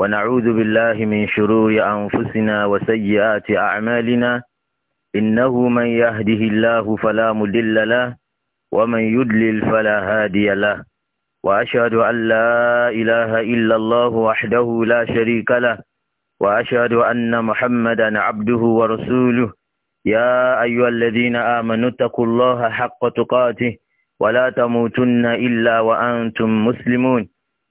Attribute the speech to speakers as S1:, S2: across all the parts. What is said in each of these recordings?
S1: ونعوذ بالله من شرور أنفسنا وسيئات أعمالنا إنه من يهده الله فلا مدل له ومن يدلل فلا هادي له وأشهد أن لا إله إلا الله وحده لا شريك له وأشهد أن محمدا عبده ورسوله يا أيها الذين آمنوا اتقوا الله حق تقاته ولا تموتن إلا وأنتم مسلمون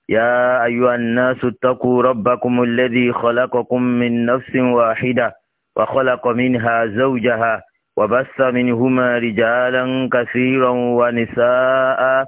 S1: يا أيها الناس اتقوا ربكم الذي خلقكم من نفس واحدة وخلق منها زوجها وبث منهما رجالا كثيرا ونساء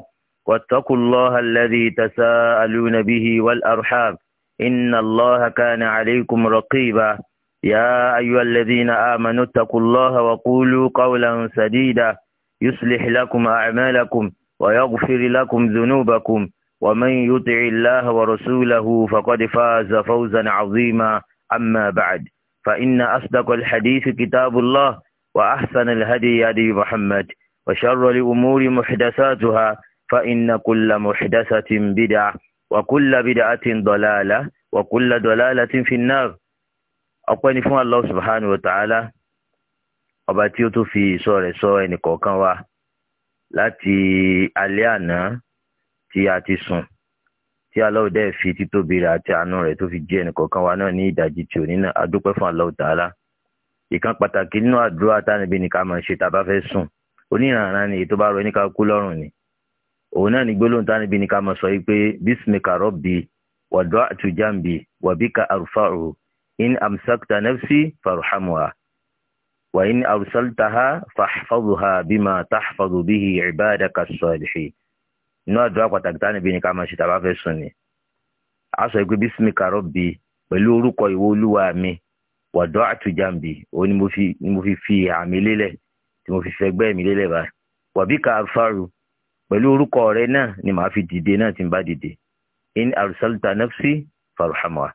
S1: واتقوا الله الذي تساءلون به والأرحام إن الله كان عليكم رقيبا يا أيها الذين آمنوا اتقوا الله وقولوا قولا سديدا يصلح لكم أعمالكم ويغفر لكم ذنوبكم ومن يطع الله ورسوله فقد فاز فوزا عظيما أما بعد فإن أصدق الحديث كتاب الله وأحسن الهدي هدي محمد وشر الأمور محدثاتها فإن كل محدثة بدعة وكل بدعة ضلالة وكل ضلالة في النار أقول فون الله سبحانه وتعالى أباتيوت في سورة سورة نكوكا láti alẹ́ àná tí a ti sùn tí Allah dẹ́ fi títóbi rẹ̀ àti àánú rẹ̀ tó fi jẹ́ ẹnìkọ̀ọ̀kan wa náà ní ìdajì tí òní náà a dúpẹ́ fún Allah Ta'ala ìkan pàtàkì nínú àdúrà tánibí ni ká máa ṣe tá a bá fẹ́ sùn oníranran ni ètò bá rọ ẹnìkan kú lọ́rùn ni òun náà ní gbólóhùn tánibí ni ká máa sọ yìí pé bísímìkà rọ́bì wàdó àtújàmbì wàbíkà àrùfáàrù in amsakta nafsi farhamuha wà in arsaltaha fahfazuha bima tahfazu bihi ibadaka as inú àdúrà pàtàkì tá níbi ni ká máa ṣe tàbá fẹ́ sùn ni a sọ pé bísí mi kàrọ bi pẹ̀lú orúkọ ìwọ olúwa mi wàdọ àtújàmbì òun ni mo fi ni mo fi fi àmì lélẹ̀ tí mo fi fẹ̀gbẹ́ mi lélẹ̀ báyìí wàbí ká fáru pẹ̀lú orúkọ rẹ náà ni màá fi dìde náà tí bá dìde in arsalta nafsi farhamwa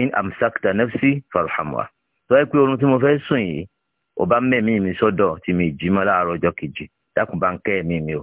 S1: in amsakta nafsi farhamwa tó yẹ pé oorun tí mo fẹ́ sùn yìí ọba mẹ́mí mi sọ́dọ̀ tí mi jí mọ́ láàárọ̀ ọjọ́ kejì dákun bá ń kẹ́ ẹ̀mí mi o.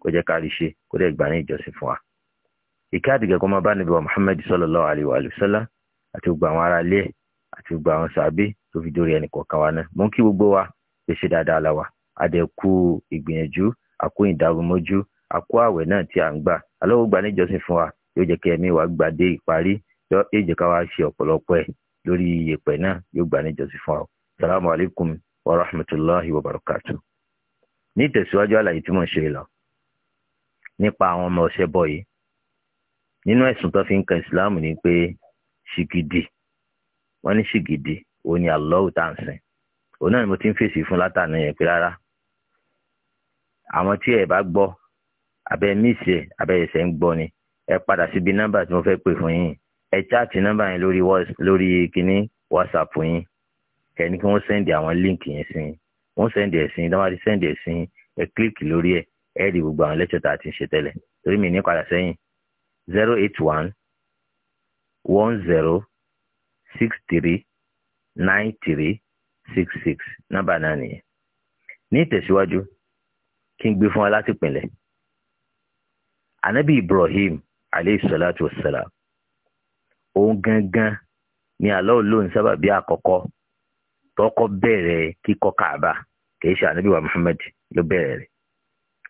S1: kó jẹ́ ká rí ṣe kó dẹ̀ gbà ní ìjọsìn fún wa. ìkẹ́ àtìgẹ́ kó máa bá níbi wa Muhammad sallallahu alayhi wa sallam àti gbogbo àwọn ará ilé ẹ̀ àti gbogbo àwọn sàbí tó fi dórí ẹnì kọ̀ọ̀kan wa náà mò ń kí gbogbo wa pèsè dáadáa la wa àdẹ̀kù ìgbìyànjú àkó ìdàrúmọ́jú àkó àwẹ̀ náà tí à ń gbà alówó gbà ní ìjọsìn fún wa yóò jẹ́ kí ẹ̀mí wa gbà ní ìtẹ̀síwájú àlàyé tí mo ń ṣe lọ nípa àwọn ọmọ ọ̀sẹ̀ bọ̀ yìí nínú ẹ̀sùn tó fi ń kan ìsìláàmù ni pé ṣìgìdì wọ́n ní ṣìgìdì òun ni àlọ́wù tá à ń sìn òun náà ni mo ti ń fèsì fún látàná yẹn pé rárá àwọn tí ẹ bá gbọ́ abẹ́ míìsì ẹ̀ abẹ́ ẹ̀sẹ̀ ń gbọ́ ni ẹ padà síbi nọ́mbà tí mo fẹ́ pè fún yín ẹ chaàtì nọ́mbà yẹn lórí lórí whatsapp yín kẹ́ni kí wọ́n sẹ́ndì àwọn líǹkì yẹn sí wọ́n sẹ́ndì ẹ̀ sí ẹ̀ sí yín kílíkì lórí ẹ̀ ẹ rí gbogbo àwọn lẹ́tọ̀ tá a ti ń ṣe tẹ́lẹ̀ torí mi ní padà sẹ́yìn zero eight one one zero six three nine three six six nọ́mbà náà nìyẹn ní ìtẹ̀síwájú kí n gbé fún wa láti pinlẹ̀ anabi ibrahim aleyhi salatu wa salam òun gangan ni Allah lóun sábàbí àkọ́kọ́ tọ́kọ́ bẹ̀rẹ̀ kíkọ́ Kaaba kìí ṣe anabi wa Muhammad ló bẹ̀rẹ̀ rẹ̀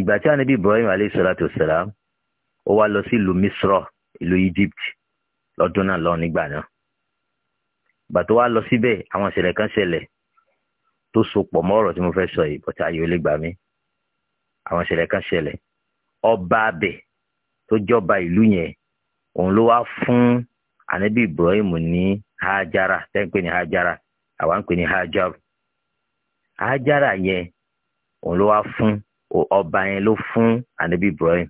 S1: ìgbà tí anabi ibrahim alayhi salatu wasalam ó wá lọ sí ìlú misra ìlú egypt lọ́dún náà lọ nígbà náà ìgbà tó wá lọ síbẹ̀ àwọn ìṣẹ̀lẹ̀ kan ṣẹlẹ̀ tó so pọ̀ mọ́ ọ̀rọ̀ tí mo fẹ́ sọ yìí bọ́tà ayé olè gbà mí àwọn ìṣẹ̀lẹ̀ kan ṣẹlẹ̀ ọba abẹ tó jọba ìlú yẹn òun ló wá fún anabi ibrahim ní hajara tẹ́ ń pè ní hajara àwa ń pè ní hajaru hajara yẹn òun ló wá fún ọba yẹn ló fún ànábì Ibrahim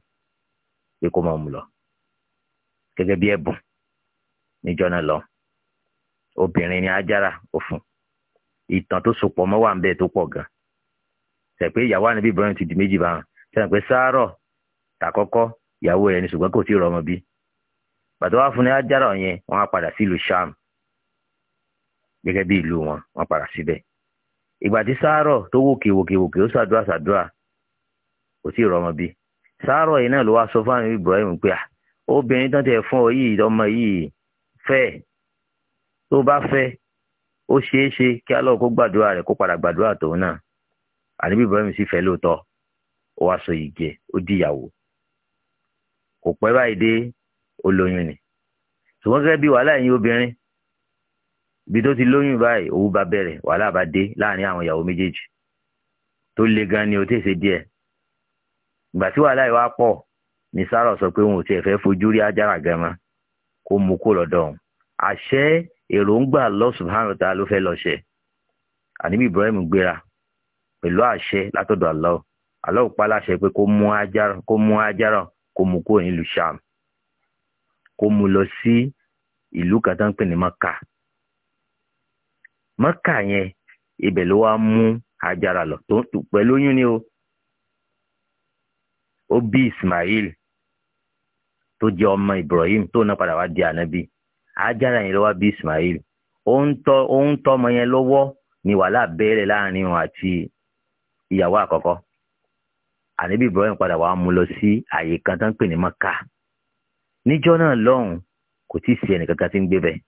S1: pé kó máa mú lọ gẹ́gẹ́ bí ẹ̀bùn níjọ́ náà lọ obìnrin ni Ájára òfun ìtàn tó sopọ̀ mọ́ wà ń bẹ́ẹ̀ tó pọ̀ gan ṣe pé ìyàwó ànábì Ibrahim ti di méjì báwọn ṣe pé sáárọ̀ tàkọ́kọ́ ìyàwó rẹ̀ ni ṣùgbọ́n kò tí ì rọmọ bí pàtó wá fún ní Ájára yẹn wọ́n á padà sí ìlú Sham gẹ́gẹ́ bí ìlú wọn wọ́n padà síbẹ̀ ìgbà tí sáárọ̀ tó wòkè wòkè wòkè ó ṣàdúrà ṣàdúrà kò tí ì rọmọ bí sáárọ̀ yìí náà ló wá sọ fáwọn Ibrahim pé à ah, obìnrin tán tẹ fún ọ yìí ọmọ yìí fẹ́ tó bá fẹ́ ó ṣeé ṣe kí alọ́ kó gbàdúrà rẹ̀ kó padà gbàdúrà tòun náà àníbí Ibrahim sì fẹ́ lóòótọ́ ó wá sọ yìí jẹ ó di ìyàwó kò pẹ́ báyìí dé olóyún ni ṣùgbọ́n gẹ́gẹ́ bí wàhálà yín obìnrin ibi tó ti lóyún báyìí òwú bá bẹ̀rẹ̀ wàhálà bá dé láàrin àwọn ìyàwó méjèèjì tó le gan ni o tèsè díẹ̀ ìgbà tí wàhálà ìwà pọ̀ ni Sárà sọ pé òun ò tiẹ̀ fẹ́ fojú rí ajára gan kó mú kó lọ́dọ̀ òun àṣẹ èròǹgbà Allah subhanahu wa ta'ala ló fẹ́ lọ ṣẹ àníbi Ibrahim gbéra pẹ̀lú àṣẹ látọ̀dọ̀ Allah Allah pa láṣẹ pé kó mú ajára kó mú ajára kó mú kó nílùú Sham kó mú lọ sí ìlú kan tó ń pè ní Maka Maka yẹn ibẹ̀ ló wá mú ajára lọ tó pẹ̀lú oyún ni o ó bí Ismail tó jẹ́ ọmọ Ibrahim tó náà padà wá di ànábì Hajara yẹn ló wá bí Ismail ó ń tọ́mọ yẹn lọ́wọ́ ni wàhálà bẹ̀rẹ̀ láàrin òun àti ìyàwó àkọ́kọ́ ànábì Ibrahim padà wá mú lọ sí àyè kan tó ń pè ní Maka níjọ́ náà lọ́hùn kò tí ì sí ẹnìkankan tí ń gbé bẹ́ẹ̀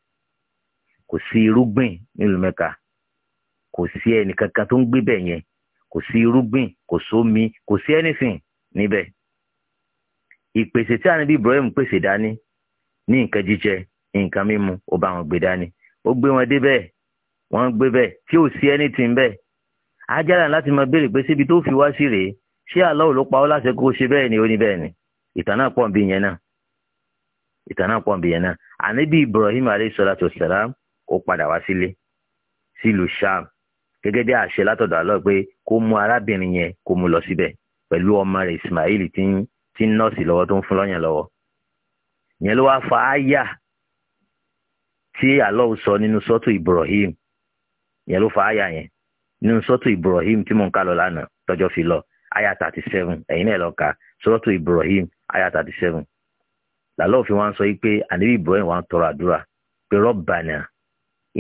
S1: kò sí irúgbìn nílùú Mẹ́ka kò sí ẹnìkankan tó ń gbé bẹ́ẹ̀ yẹn kò sí irúgbìn kò sómi kò sí anything níbẹ̀ ìpèsè tí ànábì Ibrahim pèsè dání ní nǹkan jíjẹ nǹkan mímu ó bá wọn gbé dání ó gbé wọn dé bẹ́ẹ̀ wọ́n gbé bẹ́ẹ̀ tí ò sí anything bẹ́ẹ̀ ajára láti máa béèrè pé síbi tó fi wá sí rèé ṣé Allah ló pa ọ́ láṣẹ kó ṣe bẹ́ẹ̀ ni ó ní bẹ́ẹ̀ ni ìtàn náà pọ̀ ń bí yẹn náà ìtàn náà pọ̀ ń bí yẹn náà ànábì Ibrahim alayhi salatu wassalam ó padà wá sílé sílùú Sham gẹ́gẹ́ bí àṣẹ látọ̀dọ̀ Allah pé kó mú arábìnrin yẹn kó mú lọ síbẹ̀ pẹ̀lú ọmọ rẹ̀ Ismail tí ń tí ń nọ́ọ̀sì lọ́wọ́ tó ń fún lọ́yàn lọ́wọ́ ìyẹn ló wáá fa áyà tí Allah sọ nínú sọ́tù Ibrahim ìyẹn ló fa áyà yẹn nínú sọ́tù Ibrahim tí mò ń kà lọ lánàá tọ́jọ́ fi lọ áyà thirty seven ẹ̀yin náà lọ kà sọ́tù Ibrahim áyà thirty seven làlọ́ òfin wa sọ yìí pé ànábì Ibrahim wa tọrọ àdúrà pé Rabbana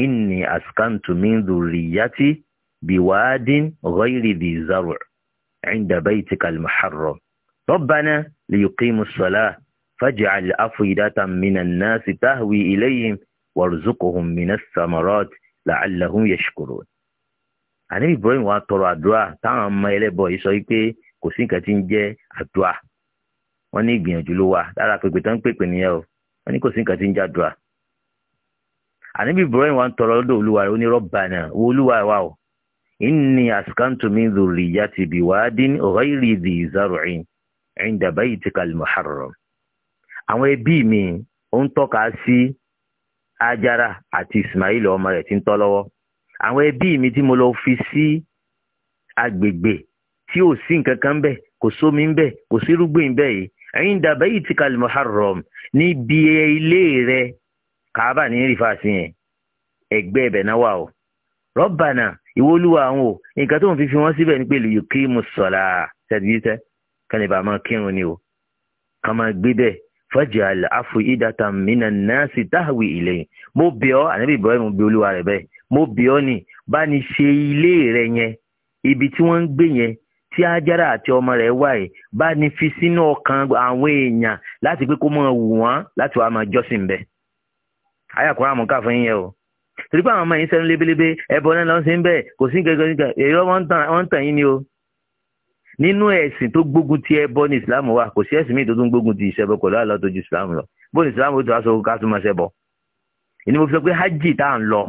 S1: inni askantu min dhurriyyati biwadin ghayri dhi zar'in 'inda baytikal muharram ربنا ليقيموا الصلاة فاجعل أفئدة من الناس تهوي إليهم وارزقهم من الثمرات لعلهم يشكرون àní Ibrahim wa tọrọ àdúrà táwọn ọmọ ẹlẹ́bọ yìí sọ pé kò sí nǹkan tí ń jẹ́ àdúrà wọ́n ní ìgbìyànjú ló wà lára pèpè tó ń pèpè nìyẹn o wọ́n ní kò sí nǹkan tí ń jẹ́ àdúrà àní Ibrahim wa tọrọ lọ́dọ̀ olúwa rẹ̀ onírọ́bànà wo olúwa wa o inni askantu min dhurriyyati biwadin ghayri dhi zar'in inda baytikal muharram àwọn ẹbí mi ó ń tọ́ka sí Hajara àti Ismail ọmọ rẹ̀ tí ń tọ́ lọ́wọ́ àwọn ẹbí mi tí mo lọ fi sí agbègbè tí ò sí nǹkan kan bẹ́ẹ̀ kò sómi ń bẹ́ẹ̀ kò sí irúgbìn bẹ́ẹ̀ inda muharram níbi ilé rẹ̀ kàábà ní rìfàsì yẹn ẹgbẹ́ ibẹ̀ náà wà o Rabbana o nǹkan tó ń fi fi wọ́n síbẹ̀ ní yòókì kán lè bá máa kírun ni o ká máa gbé bẹ́ẹ̀ fọ́jì àlàáfù ìdàtà mìíràn náà sì táàwì ìlẹ́yìn mo bẹ̀ ọ́ ànábì Ibrahim mo bẹ̀ olúwa rẹ̀ bẹ́ẹ̀ mo bẹ̀ ọ́ ni bá ní ṣe ilé rẹ̀ yẹn ibi tí wọ́n ń gbé yẹn tí Ájára àti ọmọ rẹ̀ wà yìí bá ní fi sínú ọkàn àwọn èèyàn láti pé kó máa wù wọ́n láti wàá máa jọ́sìn bẹ́ẹ̀ ayàkùnrin àmúkà fún yẹn o torí pé àwọn ọmọ yìí sẹ́nu lébélébé ẹ̀bọ náà lọ́sìn bẹ́ẹ̀ kò sí nínú ẹ̀sìn tó gbógun ti ẹbọ ní ìsìlámù wa kò sí ẹ̀sìn míì tó tún gbógun ti ìṣẹbọ kò láàlá tó ju ìsìlámù lọ bó ní ìsìlámù tó aṣọ ká tún máa ṣẹbọ ìní mo fi sọ pé hajj tá à ń lọ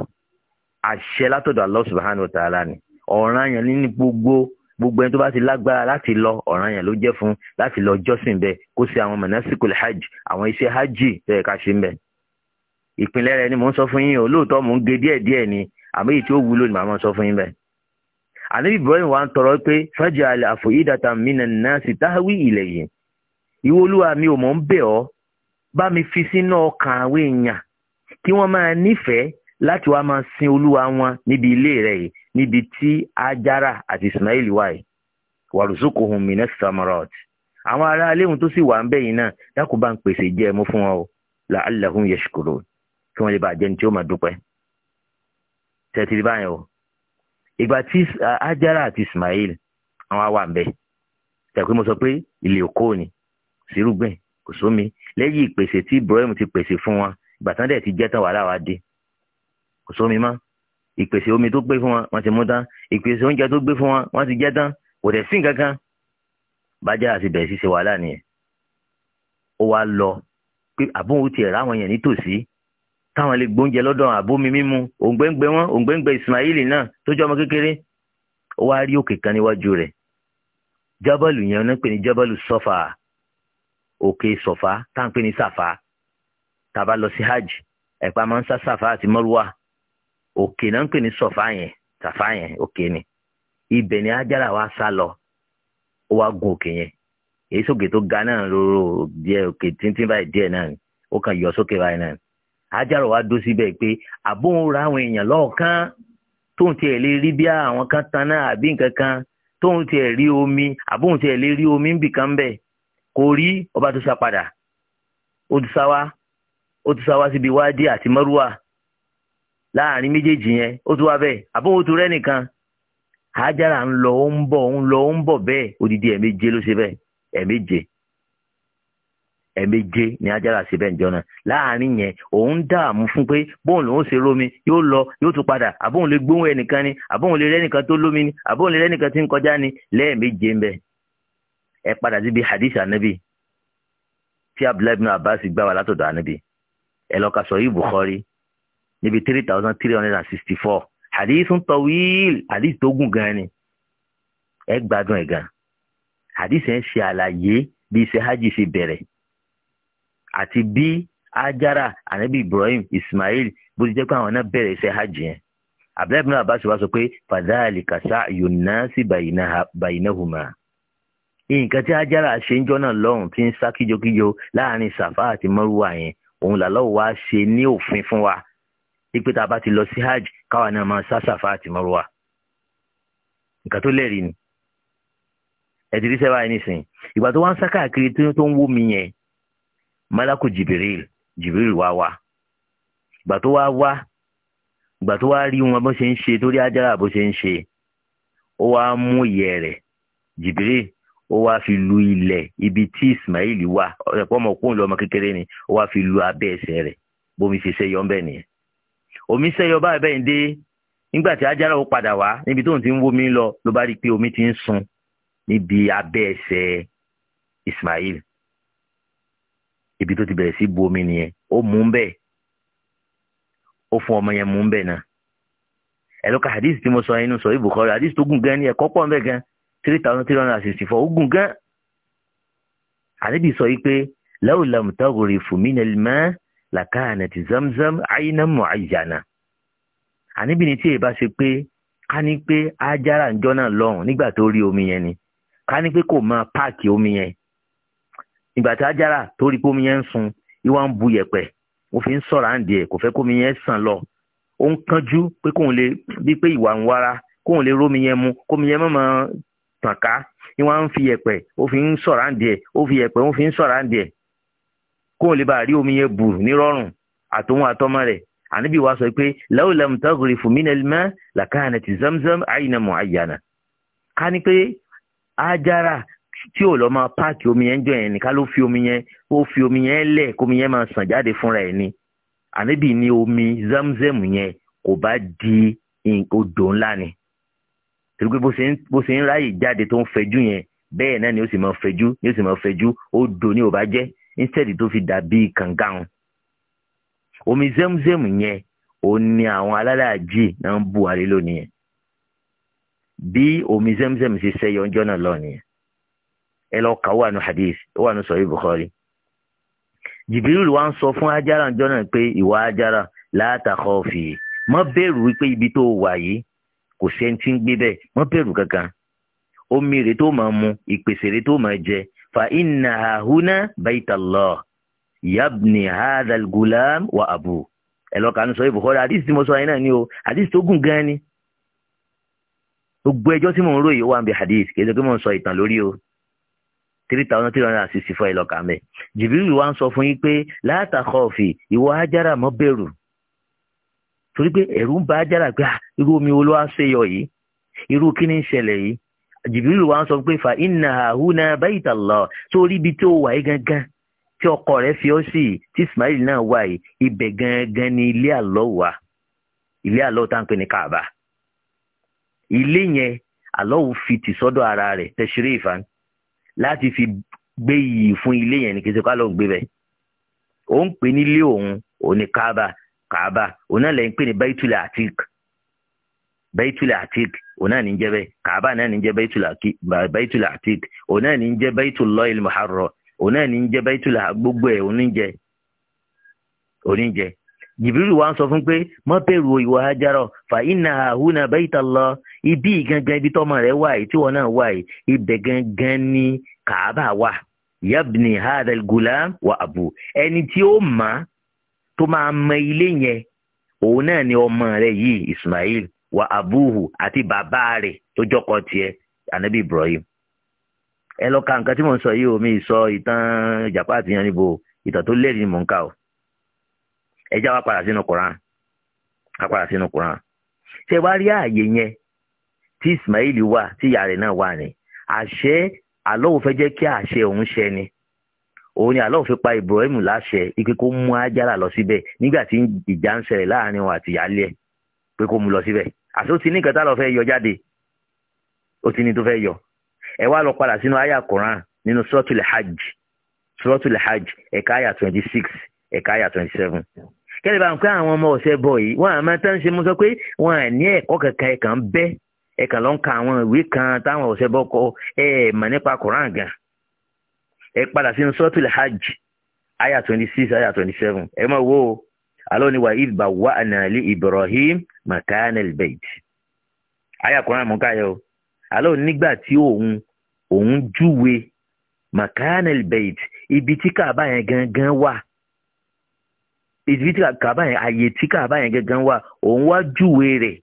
S1: àṣẹ látọ̀dọ̀ Allah subhanahu ni ọ̀ràn yẹn ní gbogbo gbogbo ẹni tó bá ti lágbára láti lọ ọ̀ràn yẹn ló jẹ́ fún láti lọ jọ́sìn bẹ́ẹ̀ kó ṣe àwọn manasikul hajj àwọn iṣẹ́ hajj tó ká ni mò ń sọ fún yín ni àmì èyí tí ó wúlò ni ànábì ibrahim wa ń tọrọ pé fájà alẹ́ àfọ ìdàtà mìíràn náà sì táwí ilẹ̀ yìí ìwọ olúwa mi ò mọ̀ ń bẹ̀ ọ́ bá mi fi sínú ọkàn àwọn èèyàn kí wọ́n máa nífẹ̀ẹ́ láti wá máa sin olúwa wọn níbi ilé rẹ̀ yìí níbi tí ajara àti ismail wà yìí wàrúsùkò hùn mí náà samarat àwọn ará aléhùn tó sì wà ń bẹ̀ yìí náà dákun bá ń pèsè jẹ́ ẹmu fún wọn o la'allahum yashkurun kí wọ́n lè bàjẹ́ ní tí ó máa dúpẹ́ tẹ́tí báyìí o ìgbà tí Hajara àti Ismail àwọn wà ń bẹ tẹ̀pẹ́ mo sọ pé ilé oko ni sírúgbìn kò sómi lẹ́yìn ìpèsè tí Ibrahim ti pèsè fún wọn ìgbà tán dẹ̀ ti jẹ́ tán wàhálà wa dé kò sómi mọ́ ìpèsè omi tó gbé fún wọn wọ́n ti mú tán ìpèsè oúnjẹ tó gbé fún wọn wọ́n ti jẹ tán kò tẹ̀ sí nǹkan kan bájà àti bẹ̀rẹ̀ sí wàhálà nìyẹn ó wá lọ pé àbúrò tiẹ̀ ráwọn yẹn nítòsí táwọn lè gbóúnjẹ lọ́dọ̀ àbómi mímu òǹgbẹ́ǹgbẹ́ wọn òǹgbẹ́ǹgbẹ́ Ismaili náà tó jẹ́ ọmọ kékeré ó wá rí òkè kan níwájú rẹ̀ jábàlù yẹn náà pè ní jábàlù sọfà òkè sọfà tá à ń pè ní sàfà tàbá lọ sí hajj ẹ̀pá máa ń sá sàfà àti mọ́rùwà òkè náà pè ní sọfà yẹn sàfà yẹn òkè ni ibẹ̀ ni ajára wa sá lọ ó wá gun òkè yẹn èyí sókè tó ga náà rorò díẹ̀ òkè tíntín báyìí Hajaru wa dó síbẹ̀ pé àbóhùn ra àwọn èèyàn lọ́ọ̀kan tóun tiẹ̀ lè rí bí àwọn kan taná àbí nǹkan kan tóun tiẹ̀ rí omi àbóhùn tiẹ̀ lè rí omi ń bì kan bẹ̀ kò rí ọba tó sá padà ó ti sá wá ó ti sá wá síbi wáàdí àti mọ́rúwà láàrin méjèèjì yẹn ó ti wá bẹ́ẹ̀ àbóhùn tó rẹ́ nìkan Hajara ń lọ ó ń bọ̀ ó ń lọ ó ń bọ̀ bẹ́ẹ̀ odidi ẹ̀ẹ̀méje ló ṣe bẹ́ẹ̀ ẹ̀ẹ̀méje ẹ̀ẹ̀méje ni ajára ṣe bẹ́ẹ̀ jọ náà láàrin yẹn òun dààmú fún pé bóun lòun ṣe rómi yóò lọ yóò tún padà àbóun lè gbóhùn ẹnìkan ni àbóun lè rẹ́nìkan tó lómi ni àbóun lè rẹ́nìkan tí ń kọjá ni lẹ́ẹ̀méje ń bẹ ẹ padà síbi hadith anabi tí abdullahi bin abbas gbà wá látọ̀dọ̀ anabi ẹ lọ sọ yìí bukhari níbi three thousand three hundred and sixty four hadith ń tawil hadith tó gùn gan ni ẹ gbádùn ẹ gan hadith yẹn ṣe àlàyé bí iṣẹ́ hajj ṣe bẹ̀rẹ̀ àti bí ajara anabi ibrahim ismail bó ti jẹ́ pé àwọn náà bẹ̀rẹ̀ iṣẹ́ hajj yẹn abdullahi ibn abbas wa sọ pé fadhali kasa yunasi bayinahuma nǹkan tí ajara ṣe ń jọ́nà lọ́hùn tí ń sá kíjokíjo láàrin safa àti maruwa yẹn òun làlọ́ wa ṣe ní òfin fún wa ipe tá a bá ti lọ sí hajj káwa náà máa sá safa àti maruwa nǹkan tó lẹ́rìí ni ẹ̀dìrí sẹ́wà yẹn nìsín ìgbà tó wá ń sá káàkiri tó ń wó mi yẹn malaku jibril jibril wá wá ìgbà tó wá wá ìgbà tó wá rí wọn bó ṣe ń ṣe torí ajára bó ṣe ń ṣe ó wá mú ìyẹ́ rẹ̀ jibril ó wá fi lu ilẹ̀ ibi tí ismail wà ọ̀pọ̀ ọmọkùnrin lọ́mọ kékeré ni ó wá fi lu abẹ́ ẹsẹ̀ rẹ̀ bómi ṣe ṣẹyọ ńbẹ nìyẹn omi ṣẹyọ báyìí bẹ́ẹ̀ dé nígbà tí ajára ó padà wá níbi tóun ti ń wómi lọ ló bá rí i pé omi ti ń sun níbi abẹ́ ẹsẹ̀ ismail ibi tó ti bẹ̀rẹ̀ sí bu omi nìyẹn ó mú un bẹ́ẹ̀ ó fún ọmọ yẹn mú un bẹ́ẹ̀ náà ẹ lọ́ka hadith tí mo sọ inú sọ ibùkọ́ rẹ̀ hadith tó gùn gan ni ẹ̀kọ́ pọ̀ nbẹ̀ gan three thousand three hundred and sixty four ó gùn gan àdébì sọ yìí pé law lam taghrifu min zamzam aynan mu'ayyana àníbi ni tí èyí bá ṣe pé ká ní pé ájára ǹjọ́ náà lọ́hùn nígbà tó rí omi yẹn ni ká ní pé kò máa páàkì omi yẹn ìgbà tá a jára torí pómi yẹn ń sun ìwà ń bu yẹ̀pẹ̀ ó fi ń sọ̀rọ̀ àǹdí ẹ̀ kò fẹ́ kómi yẹn sàn lọ ó ń kánjú pé kóun lè bí pé ìwà ń wára kóun lè rómi yẹn mu kómi yẹn mọ̀ mọ́ tàn ká ìwà ń fi yẹ̀pẹ̀ ó fi ń sọ̀rọ̀ àǹdí ẹ̀ ó fi yẹ̀pẹ̀ ó fi ń sọ̀rọ̀ àǹdí ẹ̀ kóun lè bá rí omi yẹn bù nírọ̀rùn àtòun àtọmọ rẹ̀ ànábì wa sọ pé lẹ́wọ̀n tí ò lọ máa páàkì omi yẹn jọ yẹn nìkan ló fi omi yẹn ó fi omi yẹn lẹ̀ kómi yẹn máa sàn jáde fúnra ẹ̀ ni ànábì ní omi zamzam yẹn kò bá di odò ńlá ni torí pé bó ṣe ń ráyè jáde tó ń fẹjú yẹn bẹ́ẹ̀ náà ni ó sì máa fẹjú ni ó sì máa fẹjú odò ni ò bá jẹ́ instead tó fi dàbí kàngáhùn omi zamzam yẹn òun ni àwọn alálàájì náà ń bu lónìí yẹn bí omi zemzem ṣe ṣẹyọ ọjọ́ náà lọ nìyẹn ẹ lọ kà ó wà ní hadith ó wà ní sọ̀rọ̀ Bukhari Jibril wa ń sọ fún Hajara ǹjọ́ náà pé ìwà Hajara látàkọ́ fi má bẹ̀rù wípé ibi tó wà yìí kò sẹ́ni tí ń gbé bẹ́ẹ̀ má bẹ̀rù kankan omi rẹ̀ tó máa mu ìpèsè rẹ̀ tó máa jẹ fa inna hahuna baitallah yabni hadal wa abu ẹ lọ kàánú sọ Bukhari hadith tí mo sọ yẹn náà ni o hadith tó gùn gan ni gbogbo ẹjọ́ tí mò ń ròyìn wà ń bẹ hadith kì í ṣe pé mò ń sọ ìtàn lórí o three thousand three hundred and sixty four ìlọ́kà mẹ́ jìbìrì wa ń sọ fún yín pé látàkọ́ọ̀fì ìwọ ajára mọ́ bẹ̀rù torí pé ẹ̀rù ń ba ajára pé ah, irú omi wo ló wá ṣe yọ yìí irú kí ni ń ṣẹlẹ̀ yìí jìbìrì wa ń sọ pé fa iná àhúná báyìí Allah sórí ibi tó wà yìí gangan tí ọkọ rẹ̀ fi ọ́ sí tí Ismail náà wà yìí ibẹ̀ gangan ni ilé àlọ́ wà ilé àlọ́ tá à ń pè ní Kaaba ilé yẹn àlọ́ fi láti fi gbé iyì fún ilé yẹn ní kí n ṣe ká ló ń gbé bẹ́ẹ̀ ó ń pè nílé òun òní kaaba kaaba òun náà lẹ́yìn pè ní baitul atik baitul atik òun náà ní jẹ́ bẹ́ẹ̀ kaaba náà ní jẹ́ baitul atik òun náà ní jẹ́ baitul lọ́ọ̀lì muharro òun náà ní jẹ́ baitul gbogbo ẹ̀ òun ní jẹ́ òun ní jẹ́ jìbìrì wa ń sọ fún pé mọ́ bẹ̀rù ìwọ hajara fa inna hahuna baytallah ibi gangan ibi tọ́mọ rẹ̀ wà yìí tí wọ́n náà wà yìí ibẹ̀ gangan ni kàábà wà yabni hadal gulam wa abu ẹni tí ó mọ̀ tó máa mọ ilé yẹn òun náà ni ọmọ rẹ̀ yìí ismail wa abuhu àti bàbá rẹ̀ tó jọkọ tiẹ̀ anabi ibrahim ẹ lọ ka nǹkan tí mò ń sọ yìí omi ìsọ ìtàn jàpá àti yannibo ìtàn tó lẹ́rìí mò ń o ẹja wa padà sínú koran a padà sínú koran ṣe wá rí ààyè yẹn tí Ismail wà tí ìyá rẹ̀ náà wà ní àṣẹ alọ́wọ́ fẹ́ jẹ́ kí àṣẹ òun ṣẹ ni òun ni alọ́wọ́ fi pa Ibrahim láṣẹ ike kó mú Ájára lọ síbẹ̀ nígbà tí ìjà ń ṣẹlẹ̀ láàrin òun àti ìyáálé ẹ̀ pé kó mú lọ síbẹ̀ àti ó ti ní kẹta lọ fẹ́ yọ jáde ó ti ní tó fẹ́ yọ ẹ wá lọ padà sínú àyà koran nínú suratul hajj suratul hajj ẹ̀ka àyà twenty six ẹ̀ka àyà twenty seven kẹ́lẹ́ bá ń pẹ́ àwọn ọmọ ọ̀sẹ̀ bọ̀ yìí wọ́n àmọ́ tán ṣe mú sọ pé wọ́n à ní ẹ̀kọ́ kankan ẹ̀kan bẹ́ ẹ̀kan ló ń ka àwọn ìwé kan táwọn ọ̀sẹ̀ bọ̀ kọ ẹ̀ mọ̀ nípa koran gan ẹ̀ padà sínú sọ́tìlì hajj àyà twenty six àyà twenty seven ẹ̀ mọ̀ wo alọ́ ni wà ìbà wà ànàlẹ́ Ibrahim makanel bait àyà koran mú o. alọ́ nígbà tí òun òun júwe makanel bait ibi tí kàbá yẹn gangan wà ibi tí kàbá yẹn àyè tí kàbá yẹn gangan wà òun wá júwe rẹ̀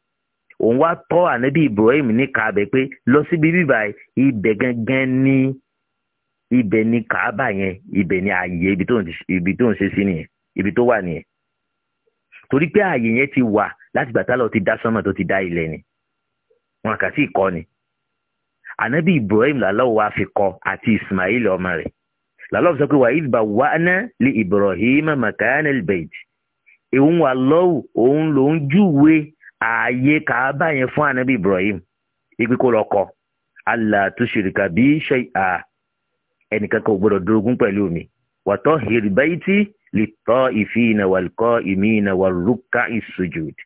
S1: òun wá tọ́ ànábì Ibrahim ní kàbẹ̀ pé lọ síbi bíbà ibẹ̀ gangan ní ibẹ̀ ní kàbá yẹn ibẹ̀ ní àyè ibi tó ń ṣe sí nìyẹn ibi tó wà nìyẹn torí pé àyè yẹn ti wà láti gbàtà lọ ti dá sánmà tó ti dá ilẹ̀ ni wọn kà sí ìkọ́ ànábì Ibrahim làlọ́ wa fi kọ́ àti Ismail ọmọ rẹ̀ lálọ́ọ̀fù sọ pé wà ìdìbà wà ná lè Ibrahim makana albayt ìhun wà lọ́wù òun ló ń júwe ààyè kàábà yẹn fún ànábì Ibrahim ipe kó lọ kọ Allah tushirika bí ṣe ẹnìkan kan gbọdọ̀ dórogún pẹ̀lú mi wàtọ́ hìrìbáyìtì lè tọ́ ìfihìnà wàlùkọ́ ìmìhìnà wàlùkà ìsùjùd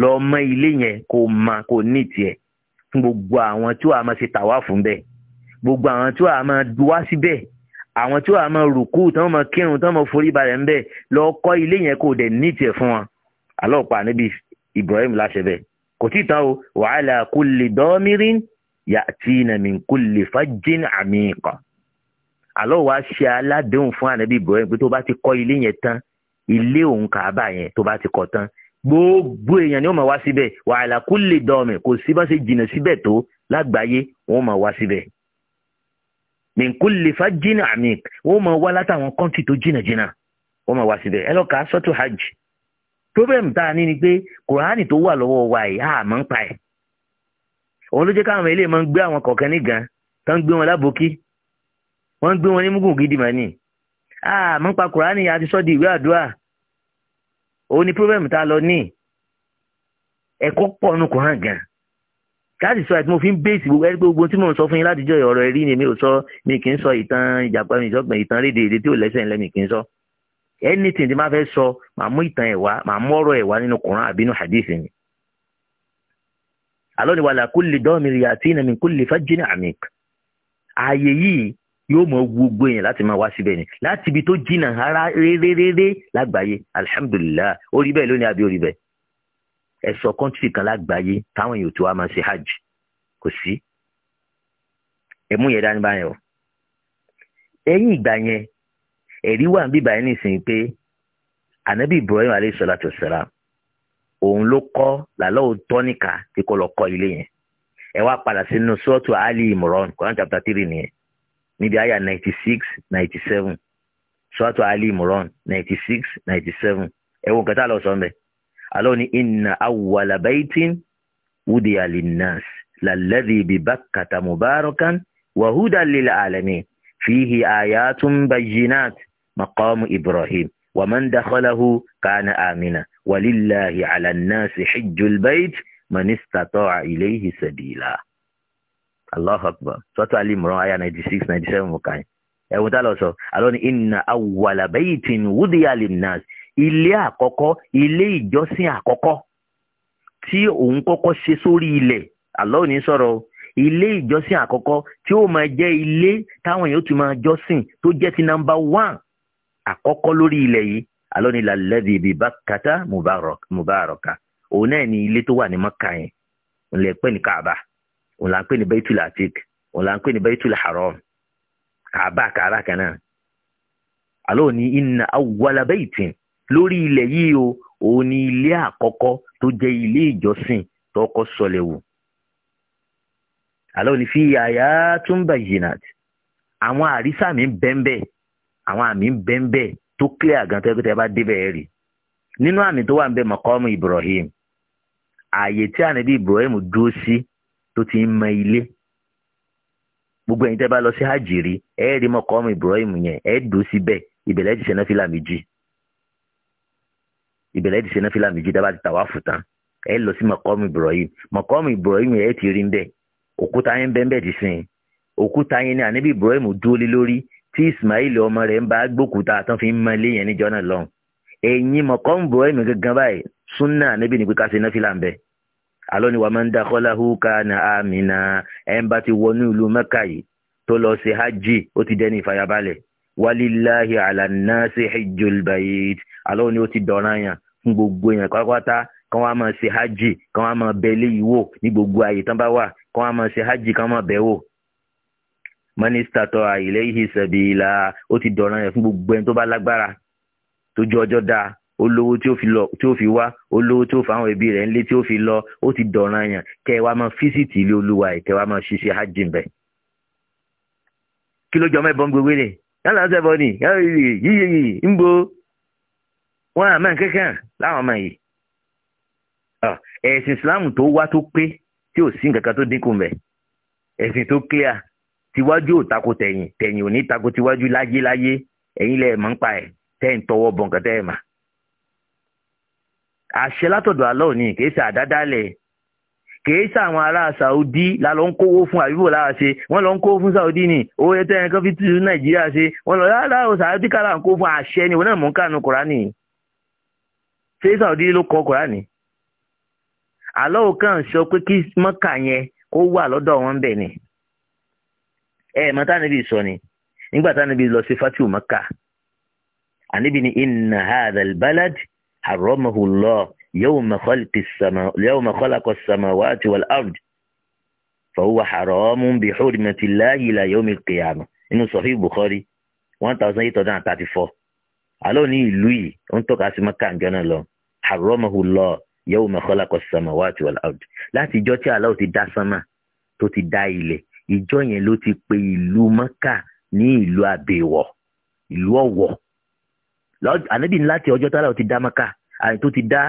S1: lọ mọ ilé yẹn kó ma kó ní tiẹ̀ fún gbogbo àwọn tí wàá máa ṣe tàwa fún bẹ́ẹ̀ gbogbo àwọn tí wàá máa wá síbẹ̀ àwọn tí wàá máa rùkú tí wọ́n máa kírun tí wọ́n máa forí balẹ̀ ń bẹ̀ lọ kọ́ ilé yẹn kó dẹ̀ ní tiẹ̀ fún wọn alọ́ọ̀pá níbi Ibrahim láṣẹ bẹ́ẹ̀ kò tí ì tán o wa ala kulli damirin ya'tina min kulli fajjin amiqa alọ́ọ̀ wá ṣe aládéhùn fún ànábì Ibrahim pé tó bá ti kọ́ ilé yẹn tán ilé òun kàábà yẹn tó bá ti kọ́ tán gbogbo èèyàn ni wọ́n máa wá síbẹ̀ wa ala kulli damin kò sí bá ṣe jìnnà síbẹ̀ tó lágbàáyé wọ́n máa wá síbẹ̀ minkulli fajjin amik wọ́n máa wá látàwọn kọ́ńtì tó jìnnà jìnnà wọ́n máa wá síbẹ̀ ẹ lọ́ka sọ́tù hajj problem tá a ní ni pé kùránì tó wà lọ́wọ́ wa yìí a máa ń pa ẹ̀ òun ló jẹ́ káwọn ilé máa ń gbé àwọn kọ̀ọ̀kan nígan tó ń gbé wọn lábòkí wọ́n ń gbé wọn ní mugun gidi mà ní a máa ń pa kùránì àti sọ́ọ̀dì ìwé àdúrà òun ni problem tá a lọ ní ẹ̀kọ́ pọ̀ nù kùrán gan that is why mo fi ń bẹ́ẹ̀sì gbogbo ẹni pé gbogbo tí mò ń sọ fún yín látijọ́ ọ̀rọ̀ ẹ̀rí ni mi ò sọ mi kì í sọ ìtàn ìjàpá mi ìsọ̀gbọ̀n ìtàn rédè èdè tí ò lẹ́sẹ̀ ńlẹ́ mi kì í sọ anything tí máa fẹ́ sọ màá mú ìtàn ẹ̀ wá màá mú ọ̀rọ̀ ẹ̀ wá nínú Quran àbí nínú hadith ni. àlọ́ ni wàhálà kúlì dọ́ọ̀mì yàtí iná kúlì fájínà àmì ààyè yìí yóò mọ gbogbo èèyàn láti máa wá síbẹ̀ ni láti ibi tó jìnnà rárá réréréré lágbàáyé alhamdulillah orí bẹ́ẹ̀ lónìí àbí orí bẹ́ẹ̀ ẹ̀sọ́ kọ́ńtì kan lágbàáyé táwọn èèyàn tó wá máa ṣe hajj kò sí ẹ̀mú yẹn dání báyẹn o ẹ̀yìn ìgbà yẹn ẹ̀rí wà ń bíbá yẹn nísìnyí pé ànábì Ibrahim alayhi salatu wassalam òun ló kọ́ làlọ́ òótọ́ tí kò lọ kọ́ ilé yẹn ẹ wá padà sínú sọ́ọ̀tù Ali Imran Quran chapter three nìyẹn níbi àyà ninety six ninety seven sọ́ọ̀tù Ali Imran ninety six ninety seven ẹ wo nǹkan lọ sọ alọ́ ni inna awwala baitin wudiya linnas lalladhi bi bakkata mubarakan wa hudan lil alamin fihi ayatun bayyinat maqamu ibrahim wa man dakhalahu kana amina walillahi ala nnasi hijjul bait man istata'a ilayhi sabila allah akbar sọ́tọ̀ ali imran aya 96 97 mọ̀kàn ẹ̀wọ̀n tá lọ sọ alọ́ ni inna awwala baitin wudiya linnas ilé àkọ́kọ́ ilé ìjọsìn àkọ́kọ́ tí òun kọ́kọ́ ṣe sórí ilẹ̀ Allah ní sọ̀rọ̀ ilé ìjọsìn àkọ́kọ́ tí ó máa jẹ́ ilé táwọn èèyàn ti máa jọ́sìn tó jẹ́ ti nọ́mbà wán àkọ́kọ́ lórí ilẹ̀ yìí Allah ní làlẹ́bí ibi bákàtà mubaraka òun náà ni ilé tó wà ní Mọ́kà yẹn òun lè pè ní Kaaba òun là ń pè ní Baitul Atiq òun là ń pè ní Baitul Haram Kaaba Kaaba kan náà Allah ní inna awwala baitin lórí ilẹ̀ yìí o òun ni ilé àkọ́kọ́ tó jẹ́ ilé ìjọsìn tọkọ sọlẹ̀ wò. àlọ́ ní fi àyà tún bá yìnàt àwọn àrísà mi ń bẹ́ńbẹ́ àwọn àmì ń bẹ́ńbẹ́ tó clear gan tẹ́kọ̀ tẹ́ bá débẹ̀ rí nínú àmì tó wà ń bẹ mọ̀kọ́mù Ibrahim ààyè tí ànábì Ibrahim dúró sí tó ti ń mọ ilé gbogbo ẹ̀yin tẹ́ bá lọ sí hajj rí mọ̀kọ́mù Ibrahim yẹn ẹ dúró síbẹ̀ ìbẹ̀lẹ̀ ti ṣe náfìlà méjì ìbẹ̀lẹ̀ ti ṣe náfìlà méjì dábàá ti tàwa fùtán ẹ lọ sí mọ̀kọ́mù Ibrahim mọ̀kọ́mù Ibrahim ẹ ti rí bẹ́ẹ̀ òkúta yẹn bẹ́ẹ̀ bẹ́ẹ̀ ti sìn òkúta yẹn ni ànábì Ibrahim dúró lé lórí tí Ismail ọmọ rẹ̀ ń bá gbókúta àtàn fi ń mọ ilé yẹn níjọ́ náà lọ́hùn ẹ̀yin mọ̀kọ́mù Ibrahim gangan báyìí súnà ànábì ni pé ṣe náfìlà bẹ́ẹ̀ alọ́ ni wà máa ń dá kọ́láhù kánà walillahi alannasi hijjul bayit alóhùn ni ó ti dọ̀ràn yàn fún gbogbo èèyàn pátápátá kán wá máa ṣe hajj kán wá máa bẹ léyìí wò ní gbogbo ààyè tán bá wà kán wá máa ṣe hajj kán máa bẹ̀ wò. mínísítà tọ àìlẹ́ yìí sẹ̀bìlà ó ti dọ̀ràn yàn fún gbogbo ẹni tó bá lágbára tó ju ọjọ́ dáa olówó tí ó fi wá olówó tí ó fa àwọn ẹbí rẹ̀ ńlé tí ó fi lọ ó ti dọ̀ràn yàn kẹ́ wá máa físìtì ilé olúwa ẹ̀ kẹ́ wá máa ṣiṣẹ́ hajj ń kí ló jọ mẹ́bọn gbogbo rẹ̀ yálà ṣẹbọ ni yálà yíyẹ yìí ń bo wọn àmọ́ kankan láwọn ọmọ yìí ah, ẹ̀sìn islam tó wá tó pé tí ò sí nǹkan kan tó dínkù mẹ́ ẹ̀sìn tó clear tiwájú ò tako tẹ̀yìn tẹ̀yìn ò ní tako tiwájú láyé láyé ẹ̀yin lẹ́ẹ̀ mọ̀ ń pa ẹ̀ tẹ́ ń tọwọ́ bọ̀ nǹkan tẹ́ ẹ̀ mà àṣẹ látọ̀dọ̀ Allah ni kì í ṣe àdádálẹ̀ kìí àwọn ará Saudi la lọ ń kówó fún àbíbò lára ṣe lọ ń fún Saudi ni owó tẹ́ ẹnìkan fi tìlú Nàìjíríà ṣe wọn lọ o Saudi ń kó fún àṣẹ ni wọ́n náà mú kànú Kùránì ṣé ló kọ Kùránì àlọ́ ò kàn sọ pé kí mọ́kà yẹn kó ni ẹ mọ sọ ni nígbà lọ sí fatiu mọ́kà àníbi ni inna yawma khalqi as-sama yawma khalaqa as-samawati wal-ard fahuwa haramun bi hurmati llahi ila yawmi al-qiyamah inú Sahih Bukhari one thousand eight hundred and thirty-four àlọ́ ní ìlú yìí ó ń tọ́ka sí maka ǹjọ́ náà lọ haramahu llah yawma khalaqa as-samawati wal-ard láti ìjọ tí Allah ti dá sánmà tó ti dá ilẹ̀ ìjọ yẹn ló ti pe ìlú maka ní ìlú àbẹ̀wọ̀ ìlú ọ̀wọ̀ ànábì ní láti ọjọ́ tí Allah ti dá maka àyè tó ti dá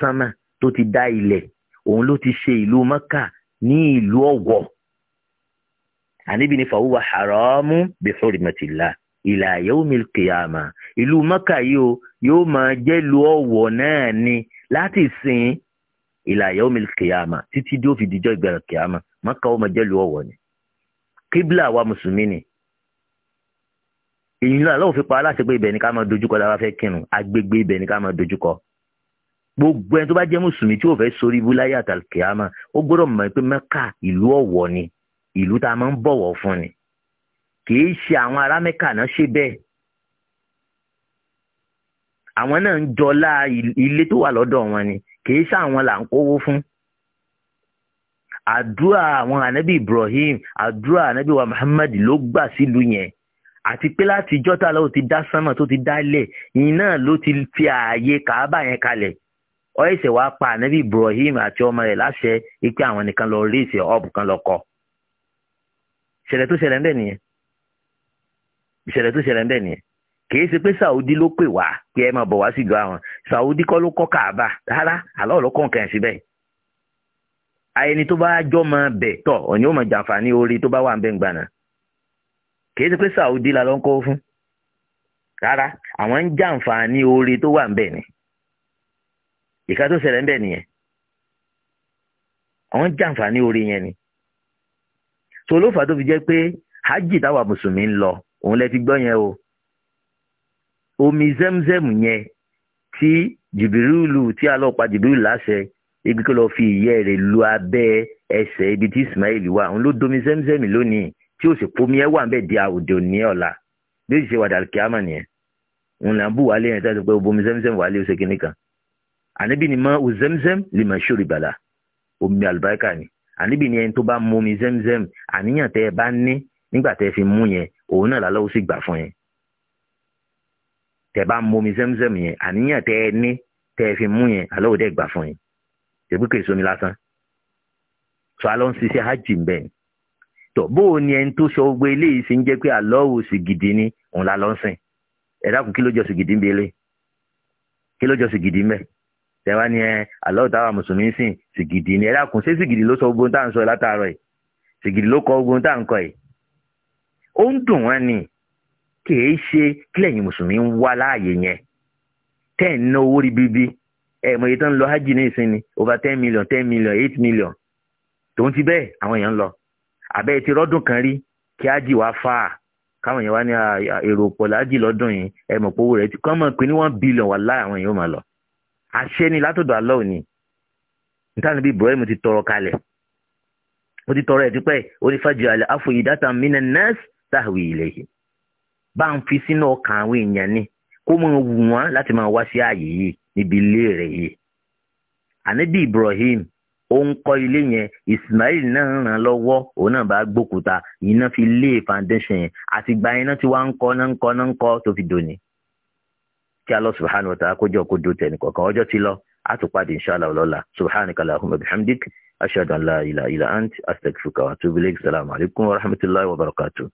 S1: sánmà tó ti dá ilẹ̀ òun ló ti ṣe ìlú mọ́kà ní ìlú ọ̀wọ̀ àníbi ni fàwùwà haramu bi hurmatillah ila yawmil qiyamah ìlú mọ́kà yìí o yóò máa jẹ́ ìlú ọ̀wọ̀ náà ni láti sìn ila yawmil qiyamah títí dé òfin ìdíjọ́ ìgbàlẹ̀ qiyamah mọ́kà ó máa jẹ́ ìlú ọ̀wọ̀ ni kíbla wa mùsùlùmí ni èyí lọ́wọ́ fi pa aláṣẹ pé ibẹ̀ ni ká máa dojúkọ láwa fẹ́ kírun agbègbè ibẹ̀ ni ká máa dojúkọ gbogbo ẹni tó bá jẹ́ mùsùlùmí tí ò fẹ́ sórí ibú láyé àtàlùkìyàmà ó gbọ́dọ̀ mọ̀ pé mẹ́kà ìlú ọ̀wọ̀ ni ìlú tá a máa ń bọ̀wọ̀ fún ni kìí ṣe àwọn ará mẹ́kà náà ṣe bẹ́ẹ̀ àwọn náà ń jọlá ilé tó wà lọ́dọ̀ wọn ni kìí ṣe àwọn là ń kówó fún àdúrà àwọn ànábì Ibrahim àdúrà ànábì wa Muhammad ló gbà sílùú yẹn àti pé láti jọ́tà lọ́wọ́ ti dá sánmà tó ti dálẹ̀ yìí náà ló ti fi ààyè kàábà yẹn kalẹ̀ ọ̀ẹ́sẹ̀ wàá pa ànábì Ibrahim àti ọmọ rẹ̀ láṣẹ ipe àwọn nìkan lọ rí ìṣẹ̀ ọbù kan lọ kọ́ ìṣẹ̀lẹ̀ nìyẹn ìṣẹ̀lẹ̀ tó nìyẹn kì í ṣe pé Saudi ló pè wá pé ẹ sí ìlú àwọn Saudi kọ́ ló kọ́ Kaaba rárá àlọ́ ẹni tó bá òní mọ jàǹfààní orí tó bá wà ń ń kì í ṣe pé Saudi la ni ìka tó ṣẹlẹ̀ ń bẹ̀ nìyẹn àwọn jàǹfààní orí yẹn ni so ló fà tó fi jẹ́ pé hajj táwa mùsùlùmí ń lọ òun lẹ ti gbọ́ yẹn o omi zemzem yẹn tí jìbìrìlù tí alọ́pàá jìbìrìlù láṣẹ ibi kí lọ fi ìyẹ́ rẹ̀ lu abẹ́ ẹsẹ̀ ibi tí Ismail wà òun ló domi zemzem lónìí tí ó sì pomi ẹ̀ wà ń bẹ̀ di àwòdì òní ọ̀la bí ó sì ṣe wàdà kíámà nìyẹn òun là ń bù wálé yẹn tí a ti pé omi zemzem wálé ó ṣe kíní kan ànábì ni mọ́ o zemzem lè mọ̀ ṣòro ìbàlà omi àlùbáríkà ni ànábì ni ẹni tó bá mu omi zemzem àníyàn tẹ́ ẹ bá ní nígbà tẹ́ ẹ fi mú yẹn òun náà lálọ́ ó sì fún yẹn tẹ́ ẹ bá mu omi zemzem yẹn àníyàn tẹ́ ẹ ní tẹ́ ẹ fi mú yẹn àlọ́ ó dẹ́ gbà fún yẹn tẹ̀bí kò èso mi lásán sọ alọ́ ń ṣiṣẹ́ hajj ń bẹ̀ ni tọ̀ bó o tó sọ gbogbo eléyìí ṣe ń jẹ́ pé àlọ́ sì gidi ni òun lálọ́ ń sìn ẹ̀dá kù kí ló jọ sì gidi ń bẹ eléyìí kí ló jọ sì gidi ń bẹ́ẹ̀ tẹwa ni ẹ àlọ́ ìtawà mùsùlùmí sìn sìgìdì ni ẹ sigidi ṣé sìgìdì ló sọ gbogbo tá à ń sọ látàárọ̀ kọ ogun tá à kọ yìí ó ń dùn wọn ni kìí ṣe kílẹ̀yìn mùsùlùmí ń wá láàyè yẹn tẹ́ ẹ̀ ná owó ribiribi ẹ̀ mọ̀ èyí tó ń lọ hajj ní ìsinmi over ten million ten million eight million n ti bẹ́ẹ̀ àwọn èèyàn ń lọ àbẹ́ ti rọ́dún kan rí kí hajj wá fà á káwọn èèyàn wá ní èrò pọ̀ láàjì lọ́dún yìí ẹ̀ mọ̀ pé owó rẹ̀ one billion wà láàyè àwọn àṣẹ ni látọ̀dọ̀ Allah òní nítorí bí Ibrahim ti tọrọ kalẹ̀ ó ti tọrọ ẹ̀ tipẹ́ onífàjì alẹ́ àfòyí dátà mínà nẹ́ẹ̀sì táwì ilẹ̀ yìí bá ń fi sínú ọkàn àwọn èèyàn ni kó máa wù wọ́n láti máa wá sí ààyè yìí níbi ilé rẹ̀ yìí ànábì Ibrahim ó ń kọ́ ilé yẹn Ismail náà ràn lọ́wọ́ òun náà bá gbókúta iná fi lé foundation yẹn àtìgbà iná tí wàá ń kọ́ náà ń kọ́ náà ń kọ́ tó fi dòní kí Allah subhanahu wa ta'ala kójọ kó do tẹ̀lé kọ̀ọ̀kan ọjọ́ ti lọ a tún pàdé inshallah lọ́la subhanaka allahumma bihamdik ashhadu an la ilaha illa ant astaghfiruka wa atubu ilayk salamu alaykum wa rahmatullahi wa barakatuh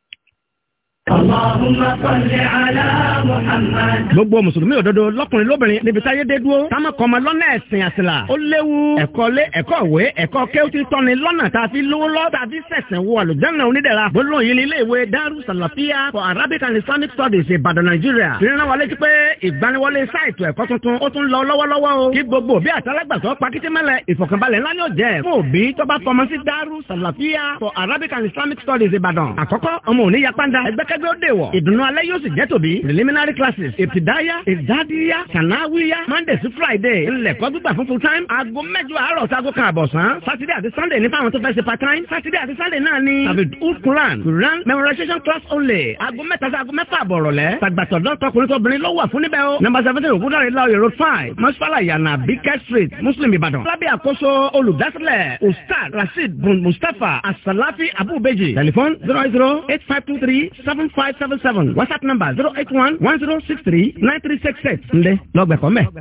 S2: gbogbo mùsùlùmí òdodo lọkùnrin lóbìnrin níbi táyé dé dúró táwọn kan máa lọ́nà ẹ̀sìn àṣìlá ó léwu ẹ̀kọ́ lé ẹ̀kọ́ ìwé ẹ̀kọ́ kéwùtì tọ́ni lọ́nà tàbí lówó lọ́ tàbí sẹ̀sìn wo àlùjáná onídẹ̀ra gbólóhùn yìí ní ilé ìwé Daru Salafia for Arabic and Islamic Studies Ìbàdàn Nàìjíríà ìrìnà wọlé ti pé ìgbaniwọlé sáìtù ẹ̀kọ́ tuntun ó tún lọ lọ́wọ́lọ́wọ́ o kí gbogbo bí àtàlágbàsọ pakitimẹ́lẹ̀ kẹgbẹ́ ó dè wọ̀. ìdùnnú alẹ́ yóò sì jẹ́ tòbí. preliminary classes ìtìdáyà ìdádíyà sànáwíyà monday sí friday ńlẹ̀kọ́ gbígbà fún full time. aago mẹ́jọ àárọ̀ sago kan àbọ̀sán. saturday àti sunday ní fáwọn tó fẹ́ ṣe part time. saturday àti sunday náà ni. tàbí old quran quran memorization class only. aago mẹ́ta sí aago mẹ́fà àbọ̀rọ̀ lẹ̀. tàgbàtọ̀ dọ́tọkùnrin tóbìnrin ló wà fún níbẹ̀ o. number seventeen ògúndàrí láòyè road five mọ́sálà ìyànà bíkẹ́ street muslim ìbàdàn. lábẹ́ àkóso olùdásílẹ̀ ustaz rasheed bun mustapha asalafi abubeji. telephone zero eight zero eight five two three seven. Five seven seven whatsapp number zero zero eight one one six three three nine six. 1063 9366 ǹdẹ́ lọ́gbẹ̀kọ́ mẹ́.